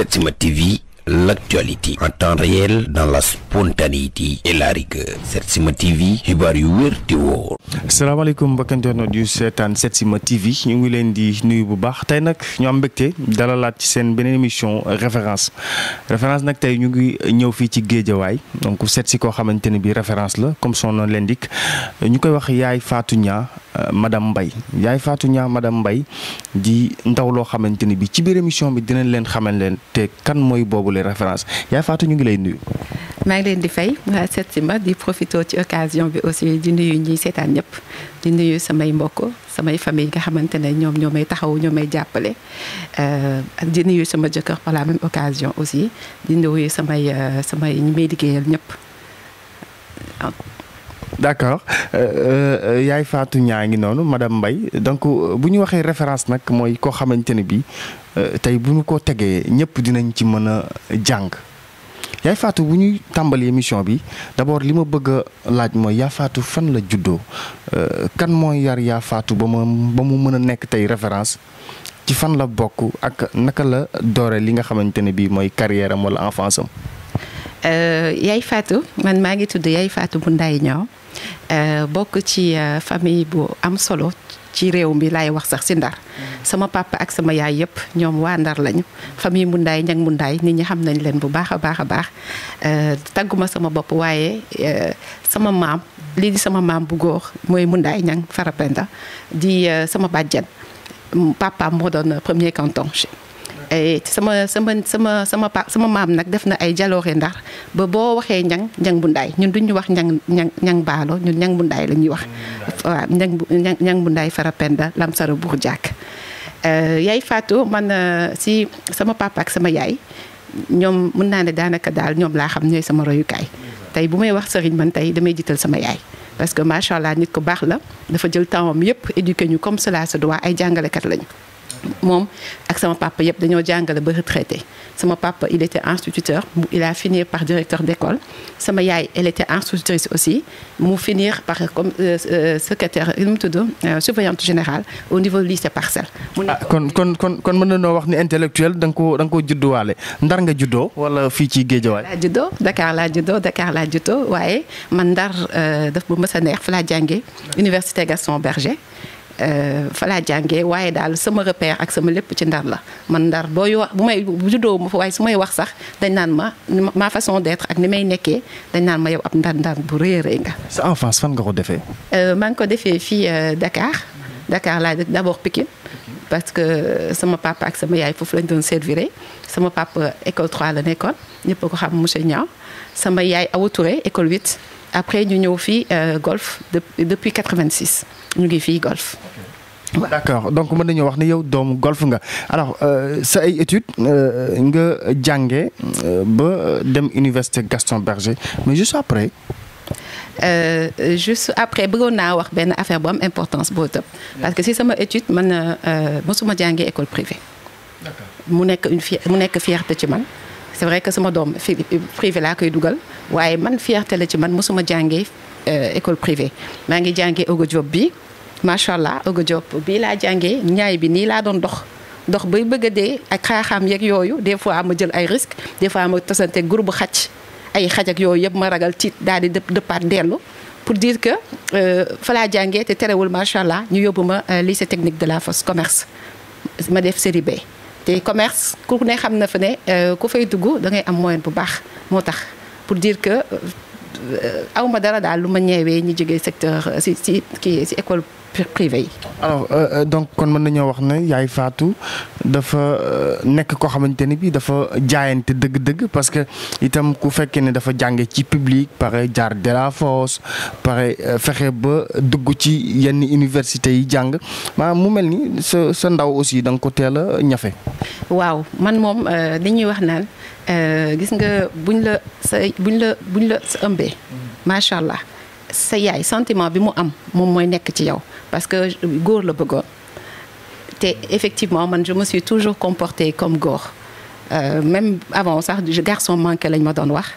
Setsima TV l'actualité en temps réel dans la spontanéité la rigueur Setsima TV xibaar yu wér di wóor. asalaamaaleykum mbokkanteenoot yu seetaan Setsima TV ñu ngi leen di nuyu bu baax tey nag ñoo am mbégte dalalaat ci seen beneen émission référence référence nag tey ñu ngi ñëw fii ci géejawaay donc seet si koo xamante ne bii référence la comme son leen l'indique ñu koy wax Yaay faatu ñaa euh, madame mbay Yaay Fatou ñaa madame mbay di ndaw loo xamante ni bi ci biir émission bi dinañ leen xamal leen te kan mooy boobu les références yaay Fatou ñu ngi lay nuyu. maa ngi leen di fay ma seet ma di profité ci occasion bi aussi di nuyu ñiy seetaan ñëpp di nuyu samay mbokk samay famille nga xamante ne ñoom ñoo may taxaw ñoo may jàppale euh, di nuyu sama jëkkër par la même aussi di nuyu samay euh, samay ñi may liggéeyal ñëpp. d'accord euh, yaay Fatou ñaa ngi noonu madame Mbaye donc bu ñu waxee référence nag mooy koo xamante ne bii Euh, tey bu ñu ko tegee ñëpp dinañ ci mën a jàng Yaay Fatou bu ñuy tàmbali émission bi d'abord li ma bëgg laaj mooy Yaa Fatou fan la juddoo euh, kan mooy yar Yaa Fatou ba ma ba mu mën a nekk tey référence ci fan la bokk ak naka la doore li nga xamante ne bii mooy carrière am wala enfance am. Euh, Yaay Fatou man maa ngi tudd Yaay Fatou bu Nday ñoo bokk ci famille bu am solo ci réew mi laay wax sax si ndar sama pàpp ak sama yaay yëpp ñoom waa ndar lañu famille Mundaay ñag Mundaay nit ñi xam nañ leen bu baax a baax a baax euh, tagguma sama bopp waaye euh, sama maam lii di sama maam bu góor mooy Mundaay ñang Farapenda di euh, sama bàjjen papaam moo doon premier canton ay sama sama sama sama pa sama maam nag def na ay jalooxe ndar ba boo waxee ñang ñang bu ndaay ñun duñu wax ñang ñang ñang baalo ñun ñang bu ndaay la ñuy wax waaw ñang bu ñang bu ndaay farapenda lamsara buur jàkk euh, yaay Fatou man euh, si sama papa ak sama yaay ñoom mën naa ne daanaka daal ñoom laa xam ñooy sama royukaay tey bu may wax sëriñ man tey damay jital sama yaay parce que macha allah nit ko baax la dafa jël temps am yëpp éduqué ñu comme cela se doit ay jàngalekat lañu. moom ak sama papa yëpp dañoo jàngale ba retraité sama papa il était instituteur il a fini par directeur d'école sama yaay elle était institutrice aussi mu finir par euh, comme euh, euh, secrétaire nu mu tudd surveillante général au niveau lycée Parcelles. mu nekk ah, kon kon kon kon mën nañoo wax ni intellectuel da nga koo da koo judduwaale ndar nga juddoo wala fii ci Géejawaay. laa juddoo Dakar laa juddoo Dakar laa juddoo waaye man ndar daf bu mës a neex laa jàngee université Gaston Berger. Euh, fa laa jàngee waaye daal sama repère ak sama lépp ci ndar la man ndar booy wax bu may juddoo ma fa waaye su may wax sax dañ naan ma ma façon d'être ak ni may nekkee dañ naan ma yow ab ndar ndar bu rëy a rëy nga. sa enfance fan nga ko defee. Euh, maa ngi ko defee fii euh, Dakar Dakar laa d'abord Pikine parce que sama papa ak sama yaay foofu lañ doon servir sama papa école 3 la nekkoon ñépp ko xam monsieur ñaaw sama yaay Awa Touré école 8 après ñu ñëw fii golf depuis 86 ñu ngi fii golf. d' donc mën nañoo wax ni yow doomu golf nga alors euh, sa ay études euh, nga jànge euh, ba dem université Gaston Berger mais juste après. après bëggoon naa wax benn affaire bu am importance boo tëb parce que si sama étude man mosuma jàngee école privée. mu nekk une fi mu nekk fierté ci man. c' est vrai que sama doom fi privé laa koy dugal waaye man fierté la ci man mosuma jàngee école privée maa ngi jàngee Ogo Diop bi macha allah Ogo Diop bii laa jàngee ñaay bi nii laa doon dox. dox bay bëgg de ak xaaxaam yeeg yooyu des fois ma jël ay risques des fois ma tasante groupe xaj ay xaj ak yooyu yëpp ma ragal ci daal di dëpp dëppaat dellu. pour dire que euh, fa laa jàngee te terewul macha allah ñu yóbbu ma euh, lycée technique de la Fosse commerce ma def série B. te commerce ku ne xam na fa ne euh, ku fay dugg da ngay am moyen bu baax moo tax pour dire que. aw ma dara daal lu ma ñeewee ñu jógee secteur euh, si si kii si école privée yi. alors euh, euh, donc kon mën nañoo wax ne yaay Fatou dafa nekk koo xamante ni bi dafa jaayante dëgg-dëgg parce que itam ku fekkee ne dafa jànge ci public pare jaar de la force pare fexe ba dugg ci yenn université yi jàng maanaam mu mel ni sa sa ndaw aussi danga ko teel a ñafe. waaw man moom dañuy wax naan. Euh, gis nga buñ la sa buñ la buñ la sa ëmbee mm-hmm. macha allah sa yaay sentiment bi mu am moom mooy nekk ci yow parce que góor la bëggoon te effectivement man je me suis toujours comportée comme góor euh, même avant sax garçon manqué lañ ma doon wax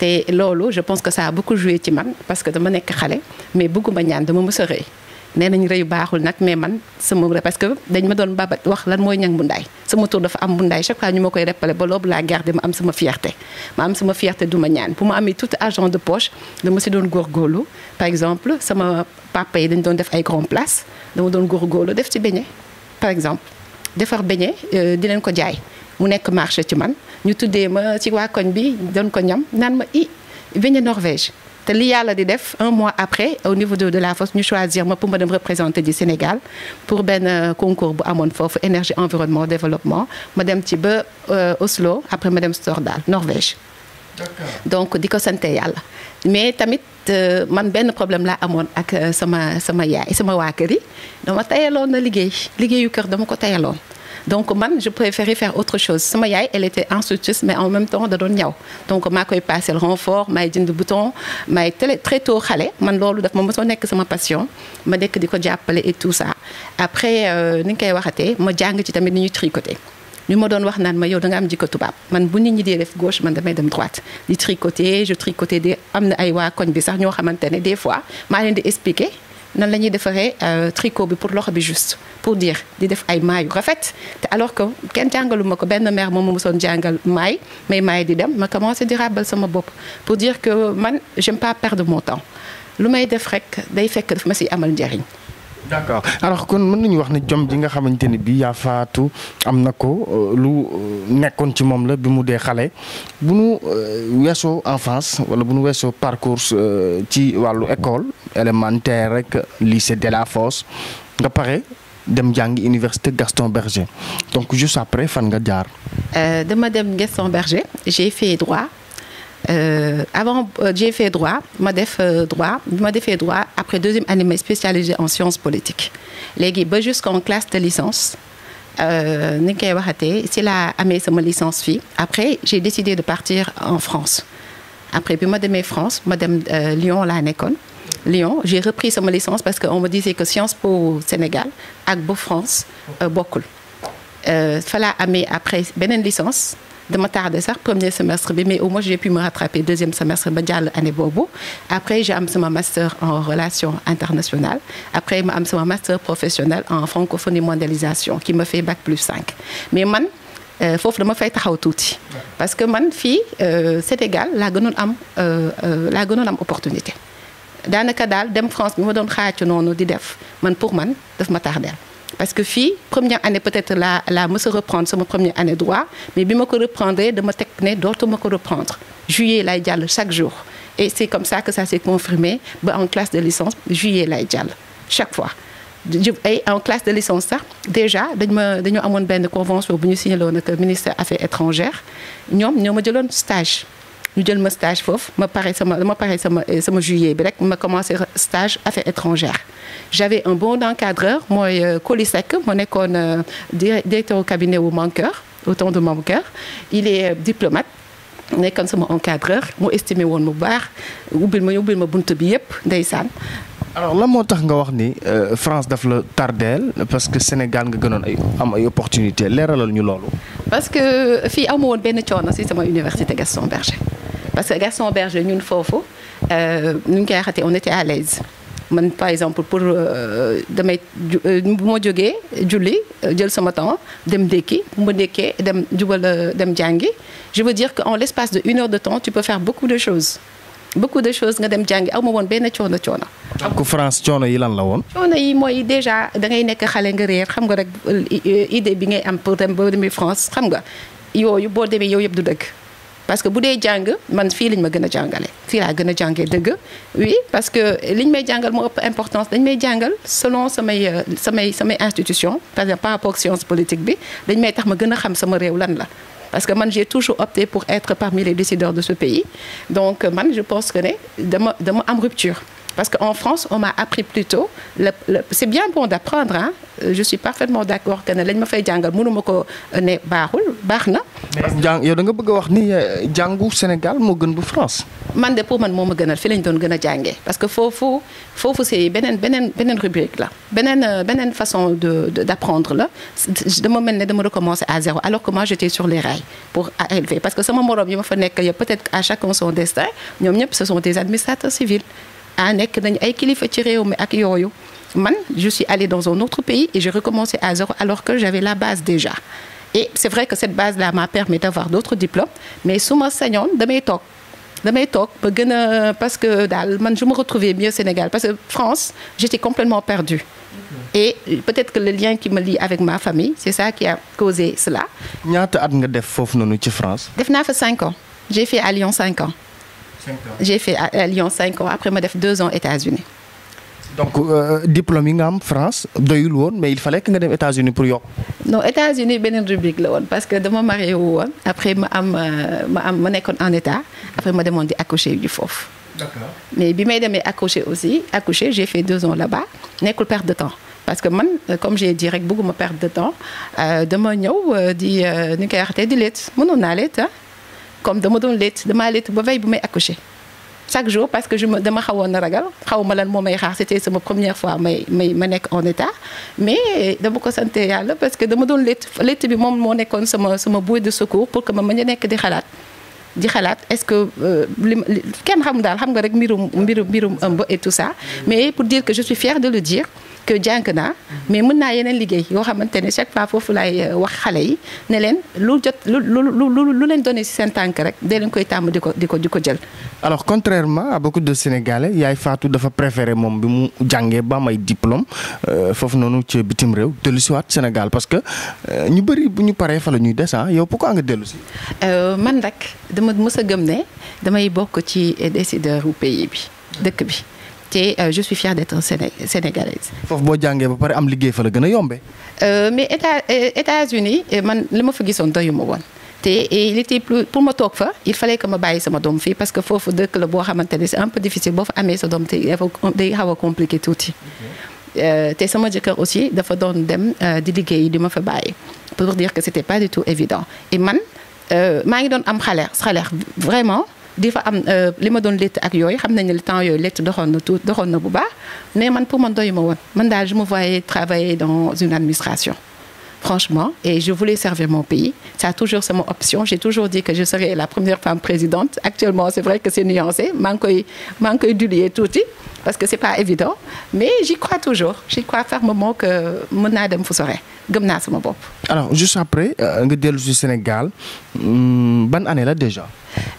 te loolu je pense que ça a beaucoup joué ci man parce que dama nekk xale mais bëgguma ñaan dama mës a nee nañ rëyu baaxul nag mais man sama parce que dañ ma doon babat wax lan mooy ñang mbundaay sama tur dafa am mbundaay chaque fois ñu ma koy répéter ba loobu laa garder ma am sama fierté ma am sama fierté du ma ñaan bu ma amee tout argent de poche dama si doon góorgóorlu par exemple sama papa yi dañ doon def ay grand place dama doon góorgóorlu def ci beñe par exemple defar beñe euh, di leen ko jaay mu nekk marché ci man ñu tuddee ma ci waa koñ bi doon ko ñam naan ma i beñe te li yàlla di def un mois après au niveau de de la fosse ñu choisir ma pour ma dem représenter du Sénégal pour benn euh, concours bu amoon foofu énergie environnement développement ma dem ci ba euh, Oslo après ma dem Stordal Norvège. donc di ko sante yàlla mais tamit euh, man benn problème laa amoon ak sama sama yaay sama waa kër yi dama tayaloon na liggéey liggéeyu kër dama ko tayaloon. donc man je préférais faire autre chose sama yaay elle était institutrice mais en même temps da doon ñaw donc maa koy passé le renfort maay jënd bouton maay télé très tôt xale man loolu daf ma mosoo nekk sama passion ma dekk di ko jàppale et tout ça après euh, ni nga koy wax a waxatee ma jàng ci tamit nu ñuy tricoter. ñu ma doon wax naan ma yow da nga am jikko tubaab man bu nit ñi dee def gauche man damay dem droite di tricoter je tricoter de am na ay waa koñ bi sax ñoo xamante ne des fois maa leen di expliquer. nan la ñuy defaree euh, tricot bi pour loxo bi juste pour dire di def ay maay yu rafet te alors que kenn jàngalu ma ko benn mère moom ma mosoon jàngal maay may maay di dem ma commencé di ràbbal sama bopp pour dire que man j'aime pas perdre mon temps lu may def rek day fekk daf ma si amal njariñ d' accord alors kon mën nañu wax ne jom ji nga xamante ni bii yaa faatu am na ko euh, lu euh, nekkoon ci moom la bi mu dee xale bu nu euh, weesoo enfance wala bu nu weesoo parcours ci wàllu école élémentaire rek lycée Delafosse nga pare dem jàngi université Gaston Berger donc juste après fan nga jaar. dama dem Gaston Berger j'ai fait Euh, avant euh, j'ai fait droit ma def euh, droit bi ma defee droit après deuxième année ma spécialisé en sciences politiques léegi ba jusqu'en classe de licence ni nga koy waxatee si la amee sama licence fii après j'ai décidé de partir en France après bi ma demee France ma dem Lyon laa nekkoon Lyon j'ai repris sama licence parce que on me disait que Sciences Po Sénégal ak bu France bokkul fa laa après beneen licence dama tardé sax premier semestre bi mais au moins j'ai pu me rattraper deuxième semestre ba jàll année boobu après j'ai am sama masteur en relation internationales après ma am sama master professionnel en francophonie mondialisation qui me fait bac plus 5 mais man euh, foofu dama fay taxaw tuuti parce que man fii euh, Sénégal laa gënoon am euh, laa gënoon am opportunité daanaka daal dem France bi ma doon xaacu noonu di def man pour man def ma tardeel parce que fii première année peut-être la la mës a reprendre sama première année droit mais bi ma ko reprendre dama teg ne dootuma ko reprendre juillet lay jàll chaque jour et c'est comme ça que ça s'est confirmé ba en classe de licence juillet lay jàll chaque fois ay en classe de licence sax déjà dañ ma dañoo amoon benn convention bu ñu signalé woon ak ministère affaires étrangères ñoom ñoo ma jëloon stage ñu jël ma stage foofu ma pare sama ma pare sama sama juillet bi rek ma commencé stage affaires étrangères j'avais un bon encadreur mooy euh, Coly Seck mu nekkoon euh, directeur au cabinet wu Mankeur au temps de Mankeur il est euh, diplomate nekkoon sama encadreur mu estimé woon mu baax ubbil ma ubbil ma bunt bi yëpp ndeysaan alors lan moo tax nga wax ni France daf la tardeel parce que Sénégal nga gënoon ay am ay opportunité leeralal ñu loolu. parce que fii am woon benn coono si sama université Gaston Berger parce que Gaston Berger ñun foofu nu ñu koy waxatee on était à l'aise man par exemple pour euh, damay euh, bu ma jógee julli euh, jël sama temps dem ndékki bu ma ndékkee dem jubal dem jàngi je veux dire que en l'espace de une heure de temps tu peux faire beaucoup de choses beaucoup de choses nga dem jàngi aw ma woon benn coono coono. ku France coono yi lan la woon. coono yi mooy déjà da ngay nekk xale nga réer xam nga rek idée bi ngay am pour dem ba demee France xam nga yooyu boo demee yow yëpp du dëkk parce que bu dee jàng man fii lañ ma gën a jàngale fii laa gën a jàngee dëgg oui parce que liñ may jàngal moo ëpp importance dañ may jàngal selon samay euh, samay samay institution par exemple par science politique bi dañ may tax ma gën a xam sama réew lan la parce que man j'ai toujours opté pour être parmi les décideurs de ce pays donc man je pense que ne dama dama am rupture Parce qu'en France, on m'a appris plus tôt. C'est bien bon d'apprendre. Hein? Euh, je suis parfaitement d'accord que ne lañ ma fay jàngal mënu ma ko euh, ne baaxul baax na. mais yow da nga bëgg a wax ni euh, jàngu Sénégal moo gën bu France. man de pour man moo ma gënal fi lañ doon gën a jàngee parce que foofu foofu c'est beneen beneen beneen rubrique la beneen beneen façon de d'apprendre la dama mel ne dama recommencer à zéro alors que moi j'étais sur les rails pour ALV parce que sama moroom yi ma fa nekk peut ah nekk nañu ay kilifa ci réew mi ak yooyu man je suis allée dans un autre pays et j'ai recommencé à zéro alors que j'avais la base déjà et c'est vrai que cette base là m'a permis d'avoir d'autres diplômes mais su ma sañoon damay toog damay toog ba gën parce que daal man je me retrouvais mieux Sénégal parce que France j'étais complètement perdue et peut-être que le lien qui me lie avec ma famille c'est ça qui a causé cela ñaata at nga def foofu noonu ci France def naa fa cinq ans cinq ans j'ai fait à cinq après ma def deux ans États-Unis donc euh, diplôme yi nga am France doyul woon mais il fallait que nga dem États-Unis pour yokk. non États-Unis beneen rubrique la woon parce que dama marié après ma am ma am ma nekkoon en état après ma demoon di accoucher ji foofu. d'accord mais bi may demee accoucher aussi accoucher j'ai fait deux ans là-bas nekkul perte de temps parce que man euh, comme j'ai dit rek bëgguma perdre de temps euh, dama ñëw di nu ñu koy waxatee di leet mënoon naa leet ah. comme dama doon létt damaa létt ba veille bu may accoucher chaque jour parce que je me dama xawoon a ragal xaw ma lan moo may xaar c'était sama première fois may may ma nekk en état mais dama ko sant la parce que dama doon létt létt bi moom moo nekkoon sama sama bouée de secours pour que ma mën a nekk di xalaat di xalaat est-ce que euh, li kenn xam daal xam nga rek mbirum mbirum mbirum ëmb et tout ça mais pour dire que je suis fière de le dire que jànq naa mais mën naa yeneen liggéey yoo xamante ne chaque fois foofu laay euh, wax xale yi ne leen lu jot lu lu lu leen donné si seen tànk rek dee leen koy tàmm di ko di ko di ko jël. alors contrairement à beaucoup yaay Fatou dafa préféré moom bi mu jàngee ba may diplôme euh, foofu noonu ci bitim réew dellu si waat Sénégal parce que euh, ñu bëri bu ñu paree fa la ñuy des yow pourquoi nga dellu si. man rek dama mës a gëm ne damay bokk ci décideur u pays bi dëkk bi. te euh, je suis fière d'être sénégalaise. foofu boo jàngee ba pare am liggéey fa la gën a yombee. Euh, mais état euh, États-Unis man li ma fa gisoon doyuma woon. et il était plus pour ma toog fa il fallait que ma bàyyi sama doom fii parce que foofu dëkk la boo xamante ne c'est un peu difficile boo fa amee sa doom te day xaw a compliqué tuuti te sama jëkkër aussi dafa doon dem di liggéey di ma fa bàyyi pour dire que c'était pas du tout évident et man maa ngi doon am xale xale vraiment. di fa am euh, li ma doon létt ak yooyu xam nañ ne le temps yooyu létt doxoon na tuut doxoon na bu baax mais man pour man doyu ma woon man daal je me voyais travailler dans une administration franchement, et je voulais servir mon pays. Ça a toujours été mon option. J'ai toujours dit que je serais la première femme présidente. Actuellement, c'est vrai que c'est nuancé. Manque du lier tout parce que c'est pas évident. Mais j'y crois toujours. J'y crois fermement que mon adam fousserait. gëm naa sama bopp. alors juste après euh, nga dellu si hmm, ban année la déjà.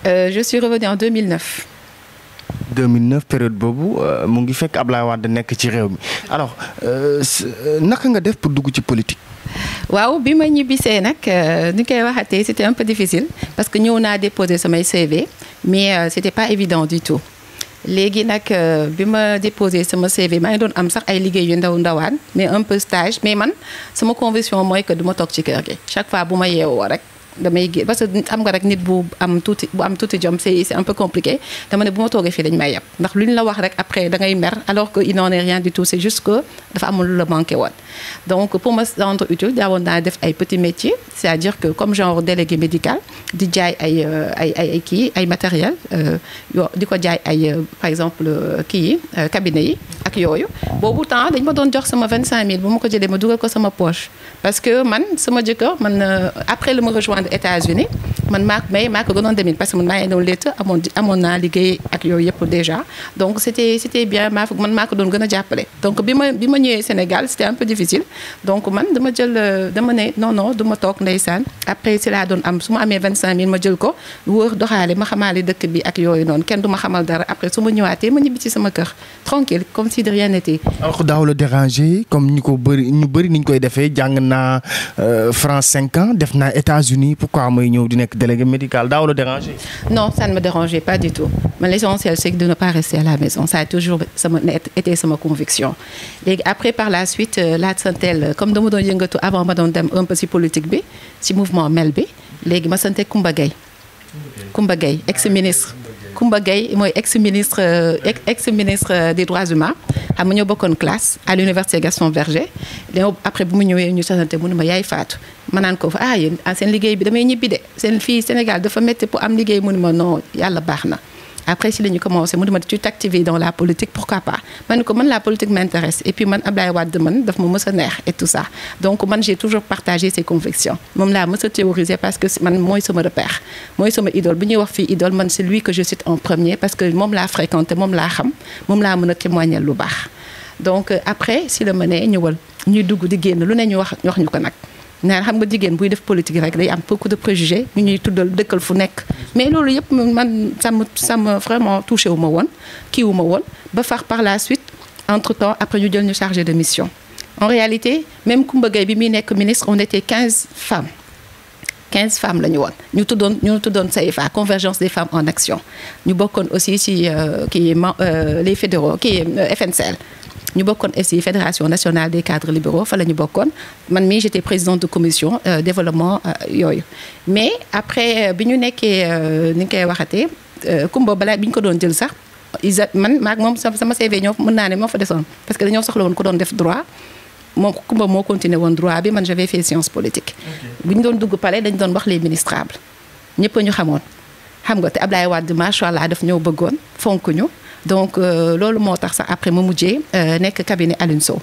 Euh, je suis revenue en 2009. 2009 période boobu euh, mu ngi fekk Ablaye Wade nekk ci réew mi alors naka nga def pour dugg ci politique. waaw bi ma ñibbisee nag euh, ni koy waxatee c'était un peu difficile parce que ñëw naa déposer samay CV mais euh, c'était pas évident du tout léegi nag euh, bi ma déposé sama CV maa ngi doon am sax ay liggéey yu ndaw ndawaan mais un peu stage mais man sama conviction mooy que du ma toog ci kër gi chaque fois bu ma yeewoo rek. damay gé parce que xam nga rek nit bu am tuuti bu am tuuti jom c'est c'est peu compliqué dama ne bu ma toogee fii dañ may yeb ndax lu ñu la wax rek après da ngay mer alors que il n'en est rien du tout c'est juste que dafa amul lu la manqué woon donc pour me rendre utile daawoon naa def ay petits métiers c'est-à-dire que comme genre délégué médical di jaay ay euh, ay ay kii ay matériel euh, yo di ko jaay ay euh, par exemple kii yi cabinet yi ak yooyu boobu temps dañ ma doon jox sama vingt cinq mille bu ma ko jëlee ma dugal ko sama poche parce que man sama jëkkër man euh, après la ma rejoindre États-Unis man maa may maa ko gënoon demin parce que man maa ngi doon létt amoon ak yooyu yëpp déjà donc c'était c'était bien maa man ko doon gën a jàppale donc bi ma bi ma ñëwee Sénégal c'était un peu difficile donc man dama jël euh, dama ne non non du ma toog ndeysaan après si laa doon am su ma amee 25000 ma jël ko wër doxaale ma xamaale dëkk bi ak yooyu noonu kenn du ma xamal dara après su ma ñëwaatee ma ñibbi ci sama kër tranquille comme si de rien n'était. daaw la déranger comme ñu ko bëri ñu bëri ni ñu koy defee jàng naa euh, France cinq ans def naa États-Unis pourquoi mooy ñëw di nekk délégué médical daaw la déranger. non ça ne me dérangeait pas du tout man l'essentiel c'est de ne pas rester à la maison ça a toujours sama été conviction après par la suite euh, laasantel euh, comme dama doon yëngatu avant ma doon dem un peu si politique bi si mouvement mel bi léegi ma sante Koumba Gaye ex-ministre Koumba Gaye mooy euh, ex ministre ex euh, ministre des droits humains xam nga ñoo bokkoon classe à l'université Gaston Berger dañoo après bu mu ñëwee ñu sanante mu ne ma yaay faatu ma naan ko fa ah, ah seen liggéey bi damay ñibbi de seen fii Sénégal dafa métti pour am liggéey mu ne ma non yàlla baax na après si la ñu commencé mu ne ma tu t'activer dans la politique pourquoi pas ma ko man la politique m'intéresse et puis man Ablaye Wade man daf ma mës a neex et tout ça donc j'ai toujours partagé ces convictions moom laa mës a théoriser parce que man mooy sama repère mooy sama idole bu ñuy wax fii idole man c'est lui que je cite en premier parce que moom laa fréquenté moom laa xam moom laa mën a témoigner lu baax donc euh, après si la ma nee ñëwal ñuy dugg di génn lu ne ñu wax wax ñu ko nag naan xam nga jigéen buy def politique rek day am beaucoup de préjugés ñu ñuy tuddal dëkkal fu nekk mais loolu yëpp man sama sama vraiment touché wu ma woon kii wu ma woon ba far par la suite entre temps après ñu jël ñu chargé de mission en réalité même Coumba Gaye bi muy nekk ministre on était quinze femmes quinze femmes la ñu woon ñu tuddoon ñu tuddoon fa convergence des femmes en action ñu bokkoon aussi ci euh, kii euh, les fédéraux kii euh, FNCL ñu bokkoon aussi fédération nationale des cadres libéraux fa la ñu bokkoon man mii j'étais présidente de commission euh, développement euh, yooyu mais après euh, bi ñu nekkee ni ñu koy waxatee Kumba balaa bi ñu ko doon jël sax isa man maag moom sama CV ñoo mën naa ne moo fa desoon parce que dañoo soxla woon ko doon def droit moom Kumba moo continué woon droit bi man j'avais fait science politique bu ñu doon dugg palais dañ doon wax les ministrables ñëpp ñu xamoon xam nga te Ablaye Wade macha allah daf ñëw bëggoon fonk ñu donc euh, loolu moo tax sax après ma mujjee euh, nekk cabinet Alioune Sow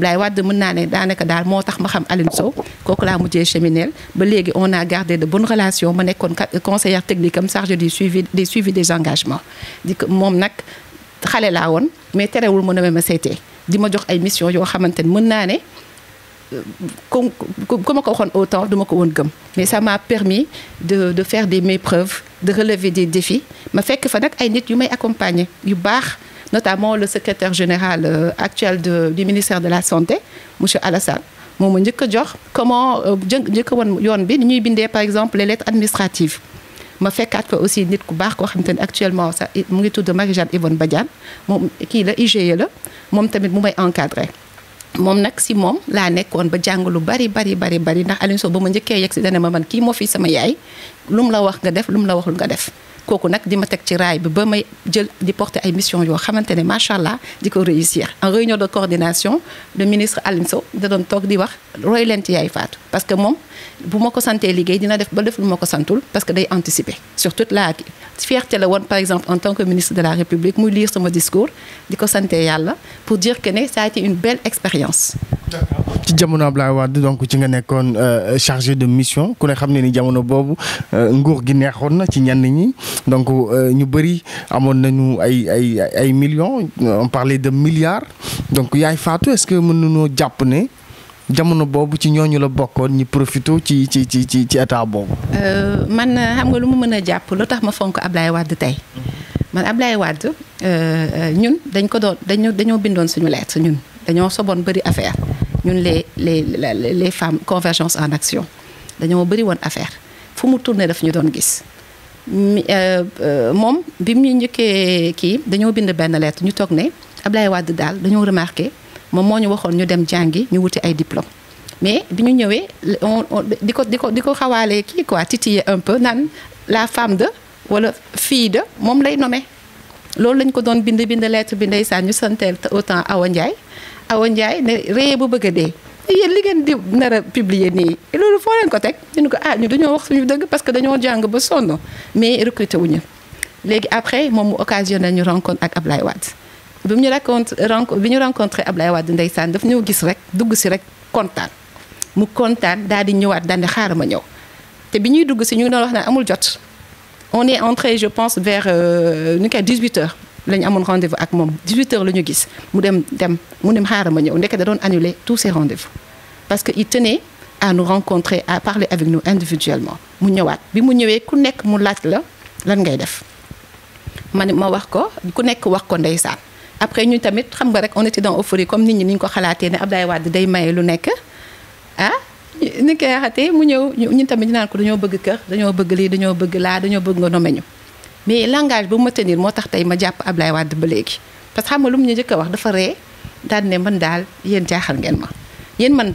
lay Wade mën naa ne daanaka daal moo tax ma xam Alioune Sow kooku laa mujjee cheminel ba léegi on a gardé de bonnes relations ma nekkoon conseillère technique am chargée du suivi des suivi des engagements di moom nag xale laa woon mais terewul mu ne ma seetee di ma jox ay mission yoo xamante ne mën naa ne comme comme ma ko waxoon autant du ma ko woon gëm mais ça m'a permis de de faire de mes preuves de relever des défis ma fekk fa nag ay nit yu may accompagner yu baax notamment le secrétaire général euh, actuel de du ministère de la santé monsieur Alassane moom ma njëkk jox comment euh, jë njëkk a yoon bi ni ñuy bindee par exemple les lettres administratives ma fekkaat fa aussi nit ku baax koo xamante ne actuellement sax mu ngi tudd Marie-Jeanne Yvonne Badiane moom kii la IGE la moom tamit mu may encadrer moom nag si moom laa nekkoon ba jàng lu bari bari bari bari ndax Alioune Sow ba ma njëkkee yegg si dana ma man kii moo fi sama yaay lu mu la wax nga def lu mu la waxul nga def kooku nag di ma teg ci raay bi ba may jël di porter ay mission yoo xamante ne macha allah di ko réussir. en réunion de coordination le ministre Alioune da doon toog di wax roy lent ci yaay Fatou parce que moom bu ma ko santee liggéey dina def ba def lu ma ko santul parce que day anticiper sur toute la fierté la woon par exemple en tant que ministre de la République muy lire sama discours di ko santee yàlla pour dire que ne ça a été une belle expérience. ci jamono Ablaye Wade donc ci nga nekkoon euh, chargé de mission ku ne xam ne ni jamono boobu euh, nguur gi neexoon na ci ñenn ñi. donc euh, ñu bëri amoon nañu ay ay ay millions on parlait de milliards donc yaay faatu est-ce que mën nañoo jàpp ne jamono boobu ci ñooñu la bokkoon ñi profité ci ci ci ci ci état boobu. Euh, man euh, xam nga lu mu mën a jàpp lu tax ma fonk Ablaye Wade tey man Ablaye Wade ñun dañ ko doon dañu dañoo bindoon suñu lettre ñun dañoo soboon bëri affaire ñun les les les femmes convergence en action dañoo bëri woon affaire fu mu tourné daf ñu doon gis. Euh, euh, moom bi muy njëkkee kii dañoo bind benn lettre ñu toog ne Ablaye wàdd daal dañoo remarqué moom moo ñu waxoon ñu dem jàngi ñu wuti ay diplôme mais bi ñu ñëwee di ko di ko di ko xawaalee kii quoi titiller un peu naan la femme de wala fille de moom lay nome loolu lañ ko doon bind bind lettre bi ndeysaan ñu santeel autant Awa Ndiaye Awa Ndiaye ne réyee bu bëgg a dee yéen li ngeen di nar a publier nii loolu foo leen ko teg ñu ne ko ah dañoo wax suñu dëgg parce que dañoo jàng ba sonno mais recruter wuñu léegi après moom mu occasionnel ñu rencontre ak ab Ablaye Wade bi ñu rencontre rencontre bi ñu rencontré Ablaye Wade ndeysaan dafa ñëw gis rek dugg si rek kontaan mu kontaan daal di ñëwaat daal di xaaral ma ñëw te bi ñuy dugg si ñu ngi doon wax ne amul jot on est entré je pense vers euh, ñu koy huit heures. lañ amoon rendez-vous ak moom 18h la ñu gis mu dem dem mu dem xaaral ma ñëw ndeke da doon annuler tous ses rendez-vous parce que il tenait à nous rencontrer à parler avec nous individuellement mu ñëwaat bi mu ñëwee ku nekk mu laaj la lan ngay def ma ne ma wax ko ku nekk wax ko ndeysaan après ñu tamit xam nga rek on était dans euphorie comme nit ñi ni ñu ko xalaatee ne Abdoulaye Wade day maye lu nekk ah ni koy waxatee mu ñëw ñu tamit ñu naan ko dañoo bëgg kër dañoo bëgg lii dañoo bëgg laa dañoo bëgg nga nome ñu mais langage bu ma tenir moo tax tey ma jàpp Ablaye Wade ba léegi parce que xam nga lu mu ñu njëkk a wax dafa ree daan ne man daal yéen jaaxal ngeen ma yéen man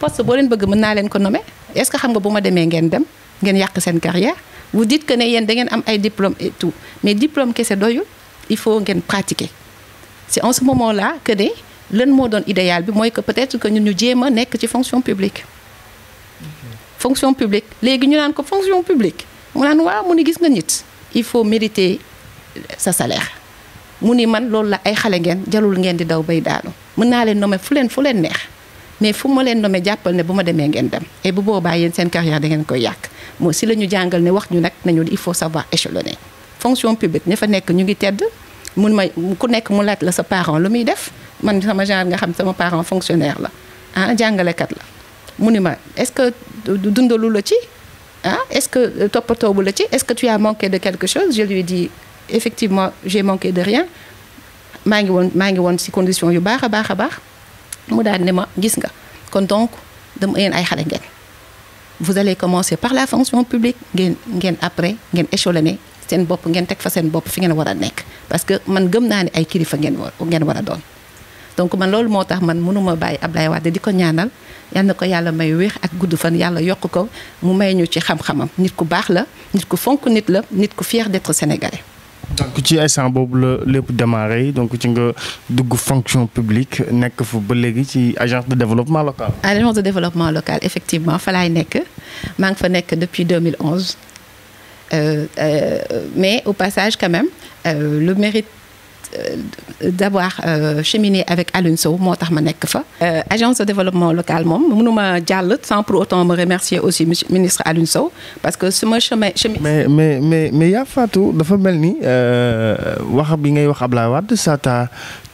poste boo leen bëgg mën naa leen ko nome est-ce que xam nga bu ma demee ngeen dem ngeen yàq seen carrière vous dites que ne yéen da ngeen am ay diplôme et tout mais diplôme kese doyul il faut ngeen pratiquer c'est en ce moment là que ne lan moo doon idéal bi mooy que peut-être que ñun ñu jéem a nekk ci fonction publique fonction publique léegi ñu naan ko fonction publique mu naan gis nga nit il faut mériter sa salaire mu ni man loolu la ay xale ngeen jalul ngeen di daw bay daanu mën naa leen nommer fu leen fu leen neex mais fu ma leen nommer jàppal ne bu ma demee ngeen dem et bu boobaa yéen seen carrière da ngeen koy yàq moo si la ñu jàngal ne wax ñu nag nañu il faut savoir échelonner fonction publique ña fa nekk ñu ngi tedd mun ma ku nekk mu laaj la sa parent lu muy def man sama genre nga xam sama parent fonctionnaire la ah jàngalekat la mu ni ma est-ce ci ah est-ce que euh, toppatoo bu la ci est-ce que tu as manqué de quelque chose je lui ai effectivement j'ai manqué de rien maa ngi woon maa ngi woon ci condition yu baax a baax a baax mu daal ne ma gis nga kon donc dama yéen ay xale ngeen vous allez commencer par la fonction publique ngeen ngeen après ngeen échelonné seen bopp ngeen teg fa seen bopp fi ngeen war a nekk parce que man gëm naa ne ay kilifa ngeen war ngeen war a doon. donc man loolu moo tax man mënuma bàyyi ab Ablaye Wade di ko ñaanal yal na ko yàlla may wéex ak gudd fan yàlla yokk ko mu may ñu ci xam-xamam nit ku baax la nit ku fonk nit la nit ku fier d'être sénégalais. donc ci instant boobu la lépp démarré donc ci nga dugg fonction publique nekk fu ba léegi ci agence de développement local. agence de développement local effectivement fa laay nekk maa ngi fa nekk depuis 2011 euh, euh, mais au passage quand même euh, le mérite. Euh, d'avoir euh, cheminer avec Alioune Sow moo tax ma nekk fa. Euh, agence de développement local moom mënuma jàll sans pour autant me remercier aussi ministre Alioune Sow parce que suma chemin. mais mais mais mais yaa Fatou dafa mel ni wax bi ngay wax Ablaye Wade ça t'a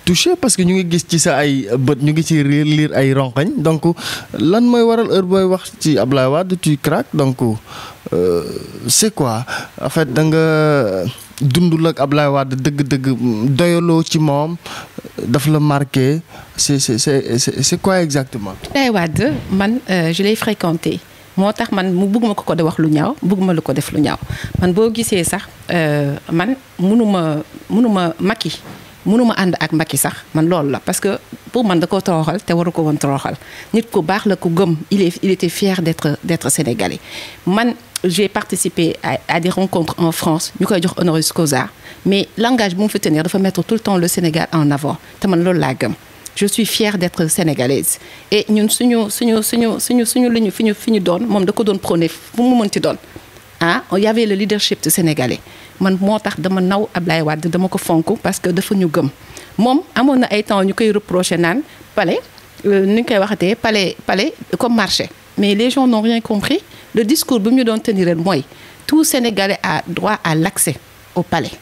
touché parce que ñu ngi gis ci sa ay bët ñu ngi ci riir liir ay rongañ donc lan mooy waral heure booy wax ci Ablaye Wade tu craques donc c'est quoi en fait da nga. dundul ak Ablaye Wade dëgg-dëgg doyaloo ci moom daf la marqué c'est c'est c'est c'est quoi exactement. Ablaye Wade man euh, je l'ai fréquenté moo tax man mu bugguma ko ko de wax lu ñaaw bëgguma lu ko def lu ñaaw man boo gisee sax euh, man mënuma mënuma makki mënuma ànd ak Macky sax man loolu la parce que pour man da ko toroxal te waru ko woon toroxal nit ko baax la ko gëm il est il était fier d'être d'être j'ai participé à, à, des rencontres en France ñu koy jox honoris causa mais langage bu mu fi tenir dafa mettre tout le temps le Sénégal en avant te man loolu laa gëm je suis fière d'être sénégalaise et ñun suñu suñu suñu suñu suñu lu ñu fi ñu fi ñu doon moom da ko doon prôné fu mu mënti doon ah y avait le leadership du sénégalais man moo tax dama naw Ablaye Wade dama ko fonk parce que dafa ñu gëm moom amoon na ay temps ñu koy reproché naan palais euh, ni ñu koy waxatee palais palais comme marché mais les gens n'ont le discours bi mu ñu doon tenir mooy tout Sénégalais a droit à l'accès au palais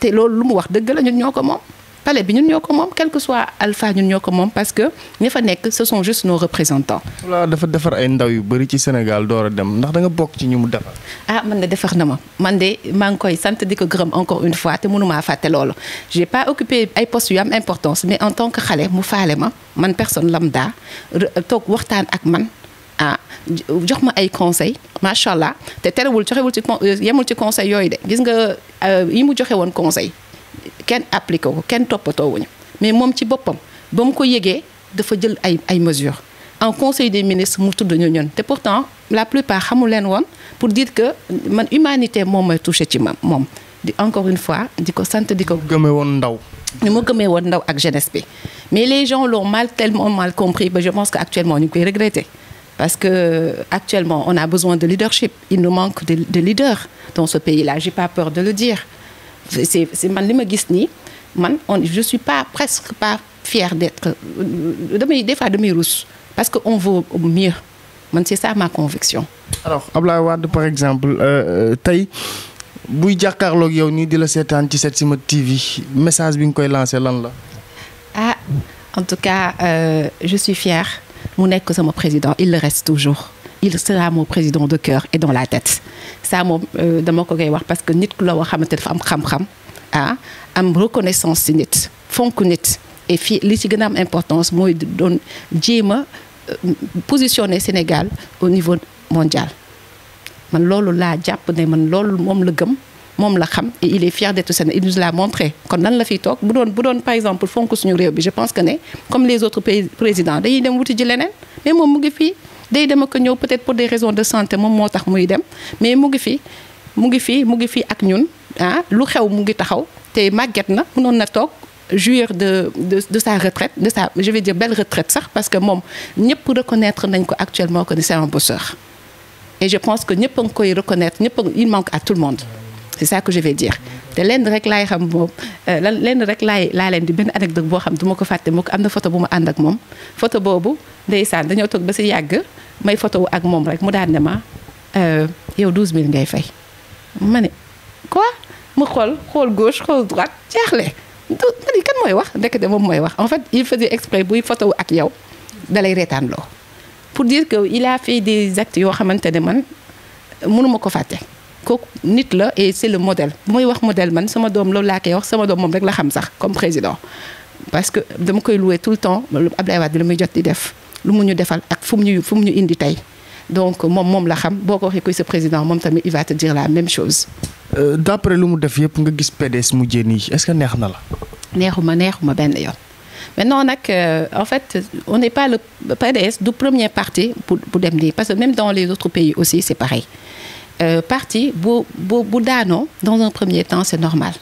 te loolu lu mu wax dëgg la ñun ñoo ko moom palais bi ñun ñoo ko moom quel que soit alpha ñoo ko moom parce que ña fa nekk ce sont juste nos représentants. voilà dafa defar ay ndaw yu bëri ci Sénégal door a dem ndax da nga bokk ci ñu mu defar. ah man de defar na ma man de maa ngi koy sant di ko gërëm encore une fois te mënumaa fàtte loolu j'ai pas occupé ay postes yu am importance mais en tant que xale mu faale ma man personne lambda toog waxtaan ak man. ah jox ma ay conseil macha allah te terewul joxewul ci euh, yemul ci conseil yooyu de gis nga euh, yi mu joxe woon conseil kenn appliqué ko kenn toppatoo wuñu mais moom ci boppam ba ko yëgee dafa jël ay ay mesures en conseil des ministres mu tudd ñu ñun te pourtant la plupart xamul leen woon pour dire que man humanité moom mooy touché ci ma moom di encore une di ko sant di ko. gëmee woon ndaw. ni mu woon ndaw ak jeunesse bi mais les gens l'ont mal tellement mal compris ba je pense que actuellement ñu ngi koy regretter. Parce que actuellement, on a besoin de leadership. Il nous manque de, de leaders dans ce pays la J'ai pas peur de le dire. C'est man li ma gis nii man on je suis pas presque pas fière d'être euh, damay des fois damay parce que on vaut mieux man c'est ça ma conviction. alors Ablaye Wade par exemple euh, euh, tey buy jàkkaarloog yow nii di la seetaan ci Setsima TV message bi nga koy lance lan la. ah en tout cas je suis fière. mu nekk sama président il le reste toujours il sera moo président de cœur et dans la tête ça moom euh, dama ko koy wax parce que nit ku la woo xamante dafa am xam-xam ah am reconnaissance ci nit fonk nit et fii li ci gën a am importance mooy doon jéem a euh, positionner Sénégal au niveau mondial man loolu laa jàpp ne man loolu moom la gëm moom la xam et il est fier d'être sénégalais il nous l'a montré kon nan la fiy toog bu doon bu doon par exemple fonk suñu réew bi je pense que ne comme les autres présidents dañuy dem wuti ji leneen mais moom mu ngi fii day dem ak ñëw peut-être pour des raisons de santé moom moo tax muy dem mais mu ngi fi mu ngi fi mu ngi fi ak ñun ah lu xew mu ngi taxaw te màgget na mu noon na toog jouir de de de sa retraite de sa je vais dire belle retraite sax parce que moom ñëpp reconnaître nañ ko actuellement que c'est un bosseur je pense que ñëpp koy reconnaître ñëpp il manque c'est ça que je vais dire te lenn rek laay xam moom euh, lan lenn rek laay laa leen di benn anecdote boo xam du ma ko fàtte mu ko am na photo bu ma ànd ak moom photo boobu ndeysaan dañoo toog ba si yàgg may photo wu ak moom rek mu daan ne ma euh, yow 12000 ngay fay ma ne quoi mu xool xool gauche xool droite jaaxle du ma mooy wax ndekete moom mooy wax en fait il faisait exprès buy photo wu ak yow dalay reetaanloo pour dire que il a fait des actes yoo xamante ne man mënuma ko fàtte kook nit la et c'est le modèle bu may wax modèle man sama doom loolu laa koy wax sama doom moom rek la xam sax comme président parce que dama koy louer tout le temps Abdoulaye Wade la muy jot di def lu mu ñu defal ak fu mu moom moom la xam boo ko waxee koy sa président moom tamit il va te dire la même euh, mu def yëpp nga gis PDS mu jéem yi est-ce que neex na la. neexuma neexuma benn yoon maintenant nag euh, en fait on n'est pas le PDS du premier parti pour pour dem nii parce que même dans les autres pays aussi c'est pareil. Euh, parti bu bu bu daanoo dans un premier temps c'est normal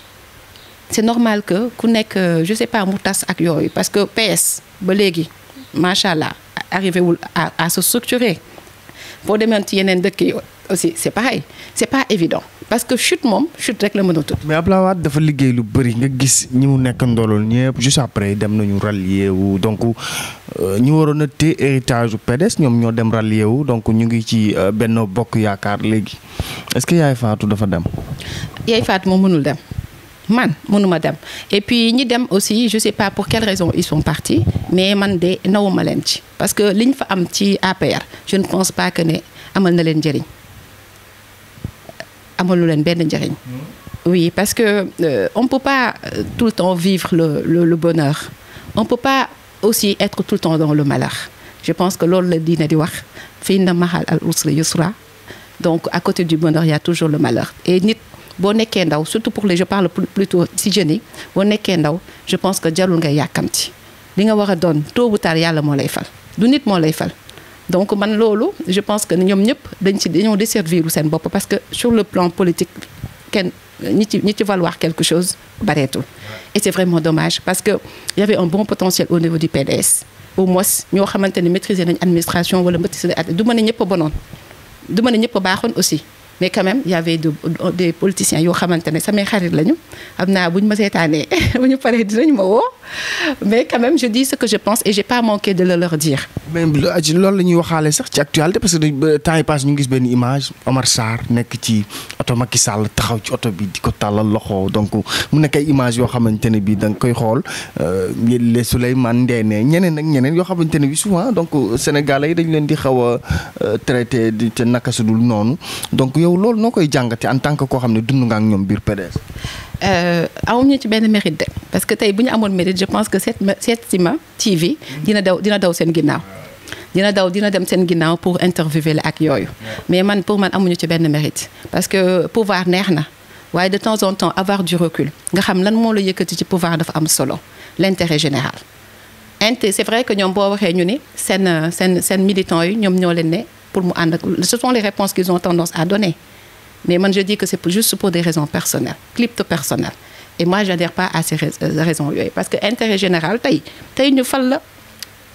c'est normal que ku nekk euh, je sais pas mu tas ak yooyu parce que PS ba léegi macha allah arrivé wul à à se structurer. foo demee ci yeneen dëkk yi aussi c'est pareil pas évident parce que chute moom chute rek la mën a tudd. mais Abdoulaye Wade dafa liggéey lu bëri nga gis ñi mu nekk ndoolool ñëpp juste après dem nañu rallier wu donc euh, ñu waroon a téye héritage u ñoom ñoo dem rallier wu donc ñu ngi ci euh, benn Bokk Yaakaar léegi est-ce que Yaay Fatou dafa dem. Yaay Fatou moom mënul dem. man mënuma dem et puis ñi dem aussi je sais pas pour quelle raison ils sont partis mais man de nawuma leen ci parce que liñ fa am ci APR je ne pense pas que ne amal na leen njëriñ amalu leen benn njëriñ hmm. oui parce que euh, on peut pas euh, tout le temps vivre le, le, le bonheur on peut pas aussi être tout le temps dans le malheur je pense que loolu la dina di wax fi de mahal al usri yusra donc à côté du bonheur il y a toujours le malheur boo nekkee ndaw surtout pour les je parle plutôt si jeunes yi boo nekkee ndaw je pense que jarul ngay yàkkamti li nga war a doon tôt ou yàlla moo lay fal du nit moo lay fal donc man loolu je pense que ñoom ñëpp dañ ci dañoo desservir seen bopp parce que sur le plan politique kenn ñi ci ñi ci valoir quelque chose bareetul et c'est vraiment dommage parce que y avait un bon potentiel au niveau du PDS au moins ñoo xamante ne maîtriser nañ administration wala maîtriser du ma ñëpp a bonoon du ñëpp a aussi mais quand même y avait de des politiciens yoo xamante ne samay xarit lañu xam naa bu ñu ma seetaanee bu ñu paree dinañ ma woo. mais quand même je dis ce que je pense et j'ai pas manqué de le leur même aji loolu la ñuy waxaale sax ci actualité parce que temps gis benn image Omar ci oto Macky Sall taxaw ci oto bi di ko tàllal loxo donc mu nekk ay image yoo xamante ne bii da nga koy xool euh, les Souleymane Ndéné ñeneen ak ñeneen yoo xamante ne bi souvent donc Sénégalais yi dañu leen di xaw a euh, traité di te naka su noonu donc yow loolu noo koy jàngate en tant que koo xam ne dund nga ak ñoom biir PDS. Euh, awuñu ci benn mérite de parce que tey bu ñu amoon mérite je pense que ma Setsima TV dina daw dina daw seen ginnaaw dina daw dina dem seen ginnaaw pour interviewer la ak yooyu mais man pour man amuñu ci benn mérite parce que pouvoir neex na waaye de temps en temps avoir du recul nga xam lan moo la yëkkati ci pouvoir dafa am solo l'intérêt général int c'est vrai que ñoom boo waxee ñu ni seen seen seen militants yi ñoom ñoo leen ne pour mu ànd ak ce sont les réponses à donner Mais man je dis que c'est juste pour des raisons personnelles, crypto personnelles. Et moi, je n'adhère pas à ces euh, raisons. Parce que intérêt général, taille, taille, nous fall là,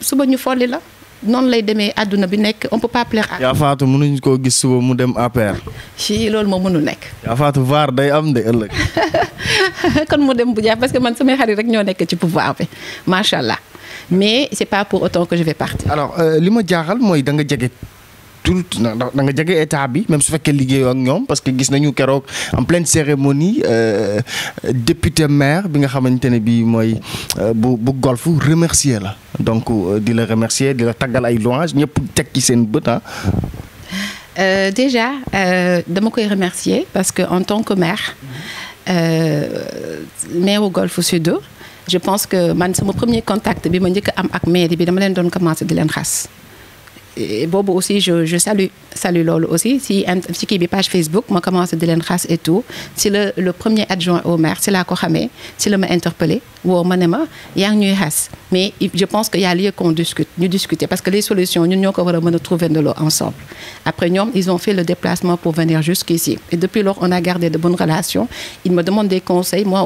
suba ñu folli la noonu lay demee àdduna bi nekk on peut pas plaire à. yaa faatu mënuñ koo gis suba mu dem APR. si loolu moo mënul nekk. yaa faatu vaar day am de ëllëg. kon mu dem bu jaax parce que man samay xarit rek ñoo nekk ci pouvoir bi macha allah mais c'est pas pour autant que je euh, li ma jaaxal mooy da jege tout da nga jege état bi même su fekkee liggéeyoo ak ñoom parce que gis nañu keroog en pleine cérémonie euh, député maire bi nga xamante ne bii mooy euh, bu bu golf remercier la donc euh, di la remercier di la taggal ay louange ñëpp teg ci seen bët ah. déjà dama koy remercier parce que en tant que maire maire au golf sud je pense que man sama premier contact bi ma njëkk am ak mairie bi dama leen doon commencé di leen xas. boobu aussi je je salue salue loolu aussi si ci kii Facebook ma commencé di leen xaas et tout si le premier adjoint au maire si laa ko xamee si ma interpellé woo ma ne ma yaa ngi ñuy mais je pense que y a lieu qu'on discute ñu discuter parce que les solutions ñun ñoo ko war a trouver de ensemble après ñoom ils ont fait le déplacement pour venir jusqu'ici et depuis lors on a gardé de bonnes relations ils me demandent des conseils moi a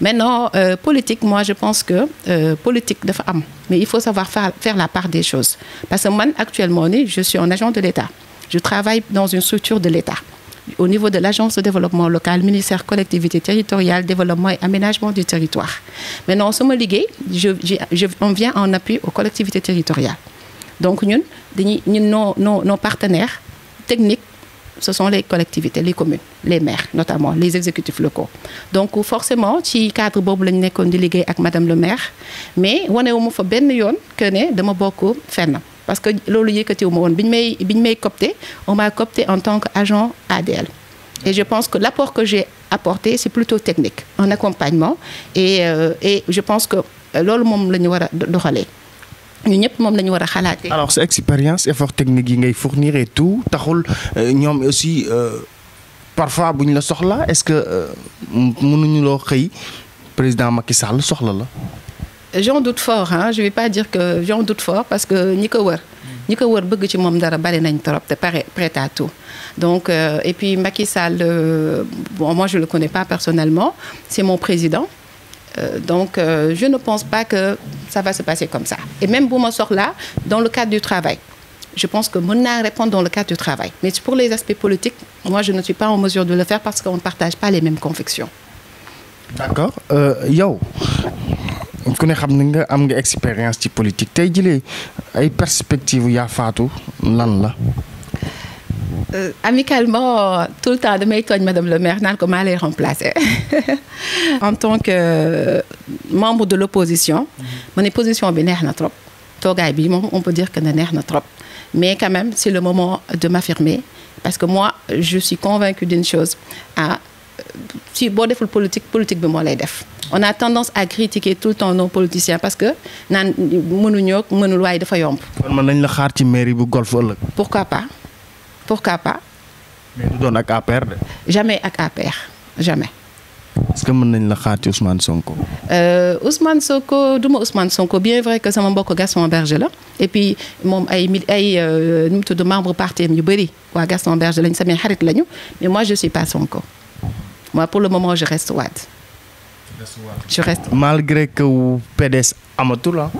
mais non euh, politique moi je pense que euh, politique dafa am mais il faut savoir faire, faire la part des choses parce que man actuellement nii je suis un agent de l'État je travaille dans une structure de l'État au niveau de l'agence de développement local ministère collectivité territoriale développement et aménagement du territoire maintenant sama liggéey je je on vient en appui aux collectivités territoriales donc ñun dañuy partenaire nos ce sont les collectivités les communes les maires notamment les exécutifs locaux donc forcément ci cadre boobu lañu nekkoon di liggéey ak madame le maire mais wanewu ma fa benn yoon que ne dama bokk fenn parce que loolu yëkkatiwu ma woon bi ñu may bi ñu may copté on m'a copté en tant que agent ADL et je pense que l'apport que j'ai apporté c'est plutôt technique en accompagnement euh, et je pense que euh, loolu moom la ñu war a doxalee ñu ñëpp moom la ñu war a xalaatee. alors sa expérience effort technique yi ngay fournir et tout taxul euh, ñoom aussi euh, parfois bu ñu la soxla est-ce que mun euh, mënuñu loo xëy président Macky Sall soxla la. j'en doute fort ah je vais pas dire que j'en doute fort parce que ñi ko war ñi ko wër bëgg ci moom dara bari nañ trop te pare prêt à tout donc euh, et puis Macky Sall euh, bon moi je ne connais pas personnellement c'est mon président. Euh, donc euh, je ne pense pas que ça va se passer comme ça et même bu ma soxlaa dans le cadre du travail je pense que mën naa répondre dans le cadre du travail mais pour les aspects politiques moi je ne suis pas en mesure de le faire parce qu'on ne partage pas les mêmes convictions d'accord euh, yow ku ne xam ne nga am nga expérience ci politique tey jëlee ay perspectives yaa faatu lan la Euh, amicalement tout le temps damay tooñ madame le maire naan ko maa lay remplacer en tant que euh, membre de l'opposition mhm. ma ne position bi neex na trop toogaay bi moom on peut dire que ne neex na trop mais quand même si le moment de m'affirmer parce que moi je suis convaincue d'une chose ah euh, si boo deful politique politique bi moo lay def on a tendance à critiquer tout le temps nos politiciens parce que naan mënuñoo mënul waaye dafa yomb. kon mën nañ la xaar ci bu Golf ëllëg. pourquoi pas. pourquoi pas. mais du doon ak jamais ak APR jamais. parce que mën nañ la xaar ci Ousmane Sonko. Euh, Ousmane Sonko du ma Ousmane Sonko bien vrai que sama mbokk Gaston Berger la et puis moom ay mil ay euh, nu mu tudd membre parti am yu bëri waa Gaston Berger lañ samay xarit lañu mais moi je suis pas Sonko moi pour le moment je reste Wade. je reste. malgré que PDS amatul ah.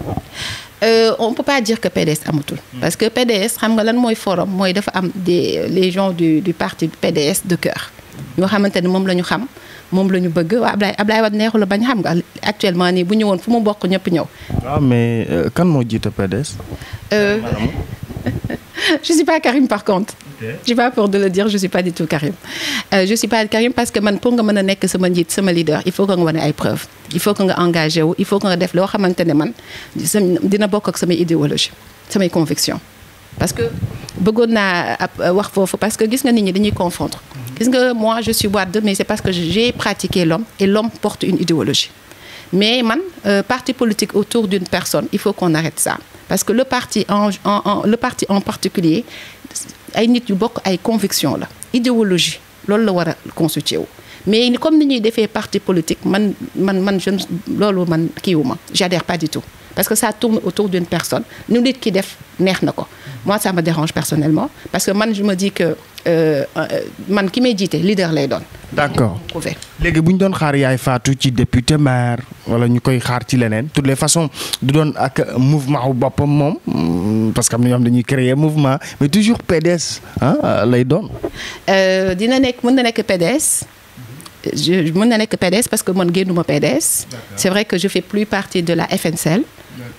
Euh, on peut pas dire que PDS amatul. Hmm. parce que PDS xam nga lan mooy forum mooy dafa am des les gens du du parti PDS de cœur. ñoo xamante ne moom la ñu xam moom la ñu bëgg waa Ablaye Ablaye Wade neexul la bañ xam nga actuellement nii bu ñëwoon fu mu bokk ñëpp ñëw. waaw mais euh, kan moo jiite PDS. Euh, je suis pas Karim par contre. je pas peur de le dire je suis pas du tout Karim euh, je suis pas Karim parce que man pour nga mën a nekk sama njiit sama leader il faut que nga wane ay preuve il faut que nga engagé wu il faut que nga def loo xamante ne man dina bokk ak samay idéologie samay conviction parce que bëggoon naa euh, wax foofu parce que gis nga nit ñi dañuy confondre mhm. gis nga moi je suis boiteux mais c'est parce que j'ai pratiqué l'homme et l'homme porte une idéologie mais man euh, parti politique autour d'une personne il faut qu'on arrête ça parce que le parti en en le parti en particulier ay nit yu bokk ay conviction la idéologie loolu la war a constitué wu mais comme ni ñuy defee parti politique man man man je loolu man kiiwuma j'adhère pas du tout parce que ça tourne autour d'une personne nu nit ki def neex na ko moi ça me dérange personnellement parce que man je me dis que Euh, euh, man ki may jiite leader lay doon. d'accord léegi bu ñu doon xaar yaay Fatou ci député maire wala ñu koy xaar ci leneen toutes les façon du doon ak mouvement wu boppam moom mm, parce que am na ñoo xam dañuy créer mouvement mais toujours PDS lay doon. Euh, dina nekk mën na nekk PDS. je mën na nekk PDS parce que man génnuma PDS. c'est vrai que je fais plus partie de la FNCL.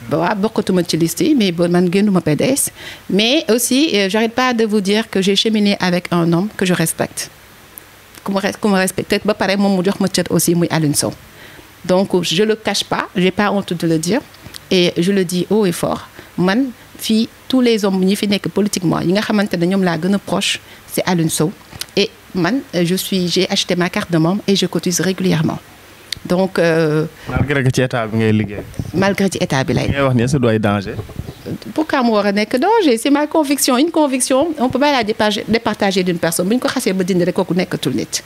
ba ah, waaw bokkatuma ci liste yi mais bon man génnuma PDS mais aussi euh, j'arrête pas de vous dire que j'ai cheminé avec un homme que je respecte ku ma ku respecte ba pare moom mu jox ma cër aussi muy Alioune Sow donc je le cache pas j'ai pas honte de le dire et je le dis haut et fort man fii tous les hommes ñi fi nekk politiquement yi nga xamante ne ñoom laa gën a proche c'est Alioune et man euh, je suis j'ai acheté ma carte de membre et je cotise régulièrement donc. Euh, malgré que ci état bi ngay liggéey. malgré ci état bi lay. ngay wax ne ça doit être danger. pourquoi mu war a nekk danger c'est ma conviction une conviction on peut pas la départager d'une personne bu ñu ko xasee ba dindi rek kooku nekkatul nit.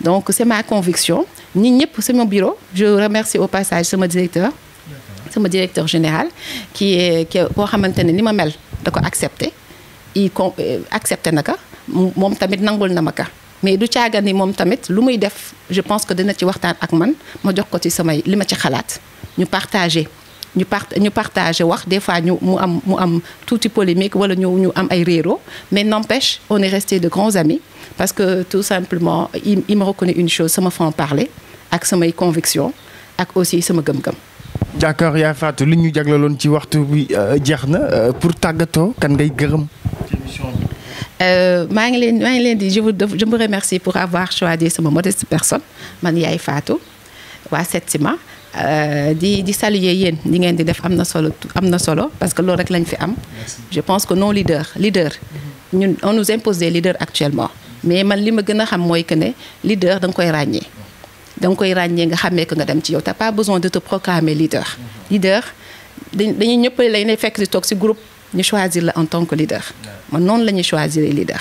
donc c'est ma conviction ñi ñëpp sama bureau je remercie au passage sama directeur. sama directeur général ki est koo xamante ne ni ma mel da ko accepté. il euh, accepté na ka moom tamit nangul na ma ka. mais du caaga ni moom tamit lu muy def je pense que dina ci waxtaan ak man ma jox ko ci samay li ma ci xalaat ñu partagé ñu part ñu partagé wax des fois ñu mu am mu am tuuti polémique wala ñu ñu am ay réero mais n'empêche on est resté de grands amis parce que tout simplement il, il me reconnaît une chose sama franc-parler ak samay conviction ak aussi sama gëm-gëm. d'accord yaa Fatou li ñu jagleloon ci waxtu bi euh, jeex na euh, pour tàggatoo kan ngay gërëm. Euh, maa ngi leen maa ngi leen di jee vous je vous remercie pour avoir choisi sama modeste personne man yaay Fatou waa Setsima euh, di di saluer yéen li ngeen di def am na solo am na solo parce que loolu rek lañ fi am. je pense que non leader leader. Mm-hmm. ñun on nous impose des actuellement. mais man li ma gën a xam mooy que ne leader da nga koy ràññee. da nga koy ràññee nga xamee ko nga dem ci yow t'as pas besoin de te proclamer leader. Mm-hmm. leader dañuy ñëpp lay ne fekk di toog si groupe. ñu choisir la en tant que leader ma noonu la ñuy choisir leader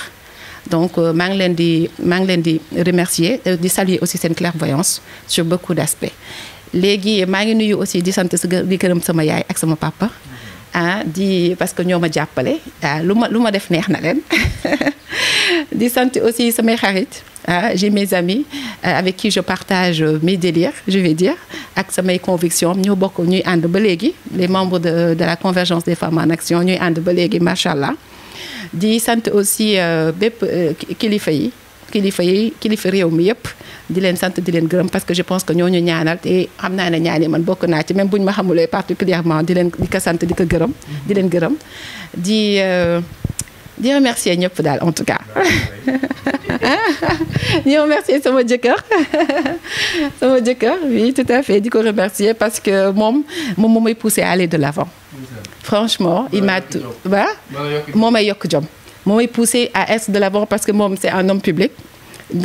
donc euh, maa ngi leen di maa ngi leen di remercier euh, di saluer aussi seen clairvoyance sur beaucoup d' aspects léegi maa ngi nuyu aussi di sant di këram sama yaay ak sama papa ah di parce que ñoo ma jàppale ah lu ma lu ma def neex na leen di sante aussi samay xarit ah j'ai mes amis ah, avec qui je partage mes délires je vais dire ak samay convictions ñoo bokk ñuy ànd ba léegi les membres de de la convergence des femmes en action ñuy ànd ba léegi macha allah di sant aussi euh, bépp euh, kilifa yi. kilifa yi kilifa réew mi yëpp di leen sant di leen gërëm parce que je pense que ñooñu ñaanal te xam naa ne ñaani man bokk naa ci même bu ñu ma xamulee particulièrement di leen di ko sant di ko gërëm di leen gërëm di euh, di remercier ñëpp daal en tout cas di remercier sama jëkkër sama tout à fait di ko remercier parce que moom moom moo may poussé à aller de l'avant franchement il m'a tout waa moo may yokk jom moo may poussé à être de l'avant parce que moom c'est un homme public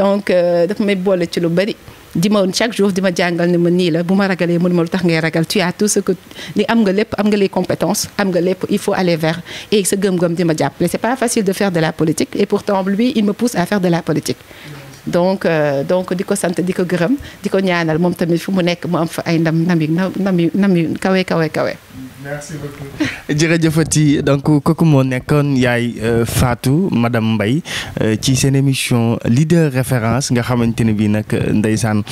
donc euh, dafa may boole ci lu bari di ma chaque jour di ma jàngal ne ma nii la bu ma ragalee mënu ma lu tax ngay ragal tu as tout ce que ni am nga lépp am nga les compétences am nga lépp il faut aller vers et sa gëm-gëm di ma jàppale c'est pas facile de faire de la politique et pourtant lui il me pousse à faire de la politique donc euh, donc di ko sant di ko gërëm di ko ñaanal moom tamit fu mu nekk mu am fa ay ndam ndam yu ndam yu kawe kawe kawe. jërëjëfati donc kooku moo nekkoon yaay euh, Fatou madame Mbaye euh, ci seen émission leader référence nga xamante ne bii nag ndeysaan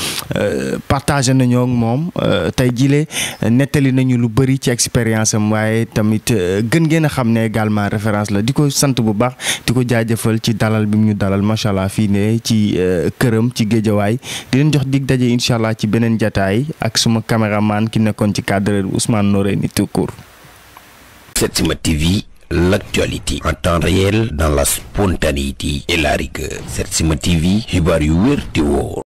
partagé nañoo ak moom tey jile nettali nañu lu bëri ci expérience waaye tamit gën ngeen a xam ne également référence la di ko sant bu baax di ko jaajëfal ci dalal bi mu ñu dalal macha allah fii ne ci. këram ci géejawaay di jox dig daje incha allah ci beneen jataay ak suma caméraman ki nekkoon ci cadre Ousmane Noreyni tout court. Setsima TV l'actualité en temps réel dans la spontanéité et la rigueur Setsima TV xibaar yu wér te wóor